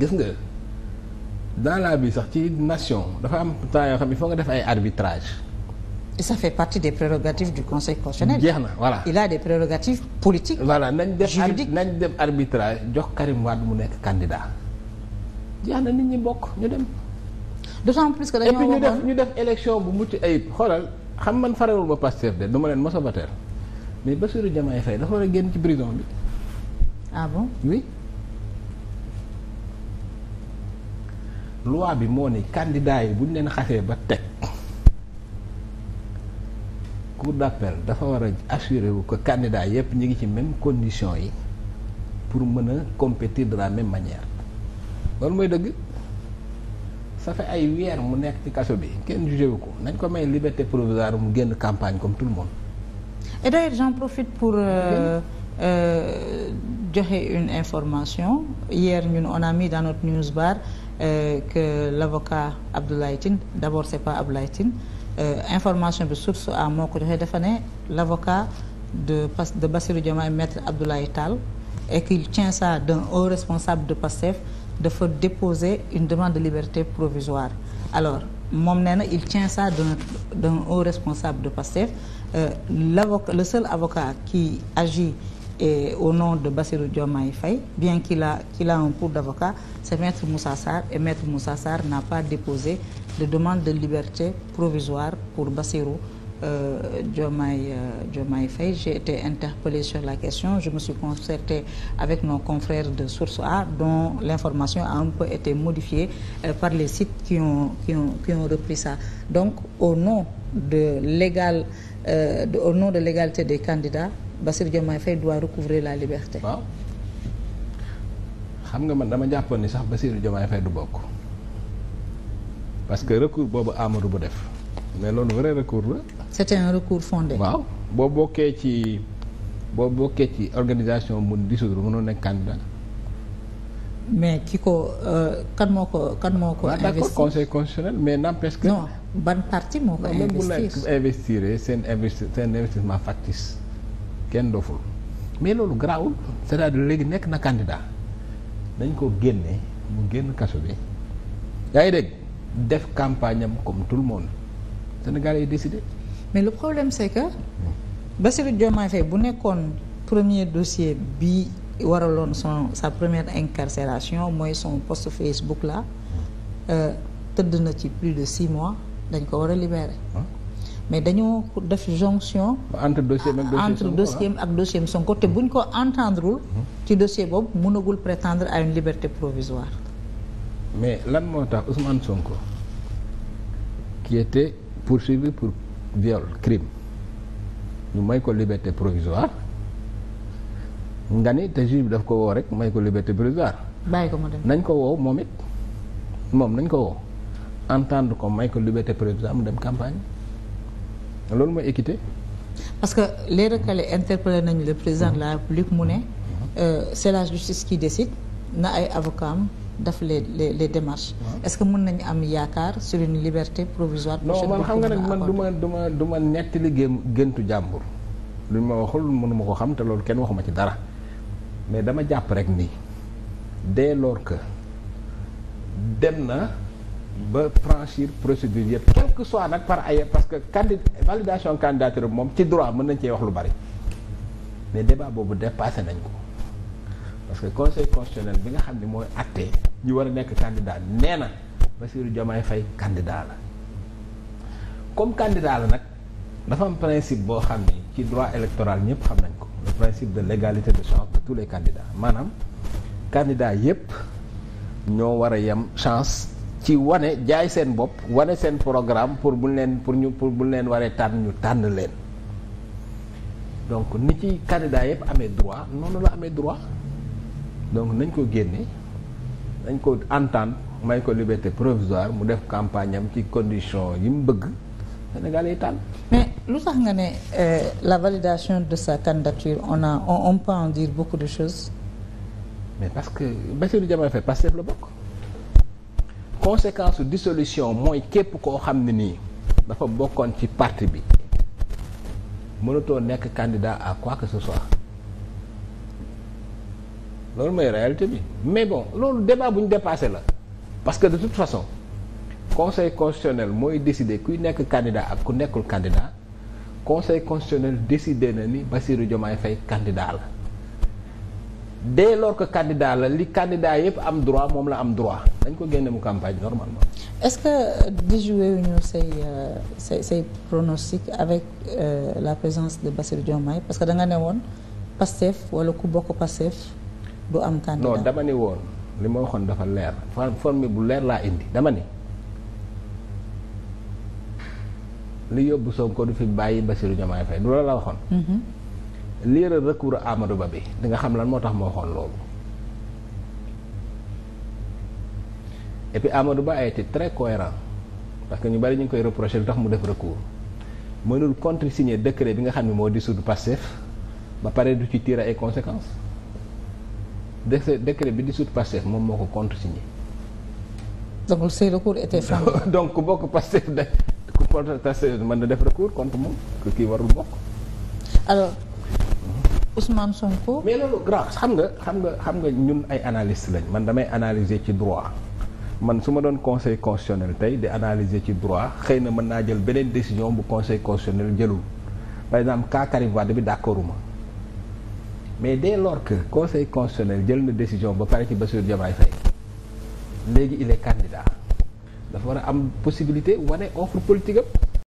gis nga dans la vie sax ci nation dafa am temps yoo xam il foo nga def ay arbitrage et ça des prérogatives du conseil jeex na voilà il a des prérogatives politiques. voilà nañ def nañ def arbitrage jox Karim Wade mu nekk candidat. jeex na nit ñi bokk ñu dem. d'autant plus que dañoo waxoon et puis def ñu def élection bu mucc ayib xoolal xam man farewul ba Pastef de du ma leen mos a voter mais Bassirou Diomaye Faye dafa war a génn ci prison bi. ah bon oui. loi bi moo ne candidat yi bu ñu leen xasee ba teg cour d'appel dafa war a assurer wu ko candidat yëpp ñu ngi ci même condition yi pour mën a compétir de la même manière loolu mooy dëgg ça fait ay weer mu nekk ci kaso bi kenn jugé wu ko nañ ko may liberté provisoire mu génn campagne comme tout le monde. et d'ailleurs profite pour. Euh, euh, joxe une information hier ñun on a dans notre news euh, que l'avocat Abdoulaye Tine d'abord c'est pas Abdoulaye Tine euh, information bi source a moo ko joxee dafa ne l'avocat de de Bassirou Diomaye maître Abdoulaye Tall et qu'il tient ça d'un haut responsable de PASTEF dafa de déposer une demande de liberté provisoire alors moom nee na il tient ça d'un d'un haut responsable de PASTEF euh, l'avocat le seul avocat qui agit et au nom de Bassirou Diomaye Faye bien qu'il a qu'il a un pour d'avocat c'est maître Moussa Sarr et maître Moussa Sarr n'a pas déposé de demande de liberté provisoire pour Bassirou euh, Diomaye euh, Diomaye Faye j'ai été interpellé sur la question je me suis concerté avec nos confrères de Source A dont l'information a un peu été modifiée euh, par les sites qui ont qui ont qui ont repris ça donc au nom de l'égal euh, de, au nom de l'égalité des candidats Bassirou Diomaye Faye doit recouvrer la liberté. waaw xam nga man dama jàppoon ni sax Bassirou Diomaye Faye du bokk parce que recours boobu Amadou bu def mais loolu vrai recours la. c'était un recours fondé. waaw boo bokkee ci boo bokkee ci organisation mun dissoudre mënoo nekk candidat. mais ki ko euh, kan moo ko kan moo ko. Ah, investir conseil constitutionnel mais n'empêche que. non ban parti moo ko. investir bu investir seen investi seen investissement factice kenn doful mais loolu garaawul cest à léegi nekk na candidat dañ ko génne mu génn kaso bi yaa ngi dégg def campagne comme tout le monde Sénégalais yi décidé. mais le problème c'est que hmm. Bassirou Diomaye Faye bu nekkoon premier dossier bi. waraloon son sa première incarcération mooy son post Facebook là euh, tëdd na ci plus de six mois dañ ko war a libérer ah. mais dañoo def jonction entre dossier ah. ak dossier Sonko te buñ ko entendrewul mhm. ci dossier boobu mënagul prétendre à une liberté provisoire mais lan moo tax Ousmane Sonko qui était poursuivi pour viole crime ñu may ko liberté provisoire nga ni te juge bi daf ko woo rek may ko liberté provisoire. bàyyi ko mu dem nañ ko wow moom it moom nañ ko woo entendre ko may ko liberté provisoire mu dem campagne loolu mooy équité. parce que les recalés interpellé nañu le président de la république mu ne euh, c'est la justice qui décide na ay avocats am daf les les les démarches. est-ce que mën nañu am yaakaar sur une liberté provisoire. non man xam nga nag man du ma du ma du ma nettali géntu jàmbur. luñ ma waxul ma ko xam te loolu kenn waxuma ci dara. mais dama jàpp rek nii dès lors que dem na ba franchir procédure yëpp quel que nag par ay parce que candid validation candidature moom ci droit mën nañ cee wax lu bari mais débat boobu dépassé nañ ko parce que conseil constitutionnel bi nga xam ne mooy àtte ñu war a nekk candidat nee na Bassirou Diomaye Faye candidat la comme candidat la nag dafa am principe boo xam ni ci droit électoral ñëpp xam nañ ko principe de l'égalité de chance de tous les candidats maanaam candidats yépp ñoo war a yem chance ci wane jaay seen bopp wane seen programme pour buñ leen pour ñu pour buñ leen waree tànn ñu tànn leen donc ni ci candidats yépp amee droit noonu la amee droit donc nañ ko génnee dañ ko entendre may ko liberté provisoire mu def campagne am ci condition yi mu bëgg Sénégal yi tànn lu tax nga ne euh, la validation de sa candidature on a on, on peut en dire beaucoup de chose mais parce que Bassirou Diomaye Faye Pastef la bokk. conséquence dissolution mooy képp koo xam ne nii dafa bokkoon ci parti bi mënatoo nekk candidat à quoi loolu mooy réalité bi mais bon loolu débat bu ñu dépassé la parce que de toute façon conseil constitutionnel mooy décider kuy nekk candidat ak ku nekkul candidat conseil constitutionnel décidé na ni Bassirou Diomaye Faye candidat la dès lors que candidat la li candidat yëpp am droit moom la am droit dañ ko génne mu campagne normalement. est-ce que euh, déjoué wu ñu say euh, say say pronostic avec euh, la présence de Bassirou Diomaye parce que da ne woon Pastef wala ku bokk Pastef du am. candidat non dama ne woon li ma waxoon dafa leer forme bu leer laa indi dama ni. li yóbbu Sonko du fi bàyyi Bassirou Diomaye Faye du loolu la waxoon. Mhm. liiral recours Amadou Ba bi di nga xam lan moo tax moo waxoon loolu. et Amadou Ba a été très cohérent parce que ñu bari ñu ngi koy reprocher lu tax mu def recours mënul contresigner décret bi nga xam ne moo dissoudre Pastef ba pare du ci tirer ay conséquences décret bi dissoudre Pastef moom moo ko contresigner. donc say recours était franc. donc ku bokk Pastef da contestation mën na def recours contre moom que kii warul bokk. alors Ousmane Sonko. mais loolu grave xam nga xam nga xam nga ñun ay analyste lañ man damay analyser ci droit man su ma doon conseil constitutionnel tey di analyser ci droit xëy na mën naa jël beneen décision bu conseil constitutionnel jëlul par exemple cas Karim Wade bi d'accordu ma mais dès lors que conseil constitutionnel jël na décision ba pare ci Bassirou Diomaye Faye léegi il est dafa war a am possibilité wane offre politique am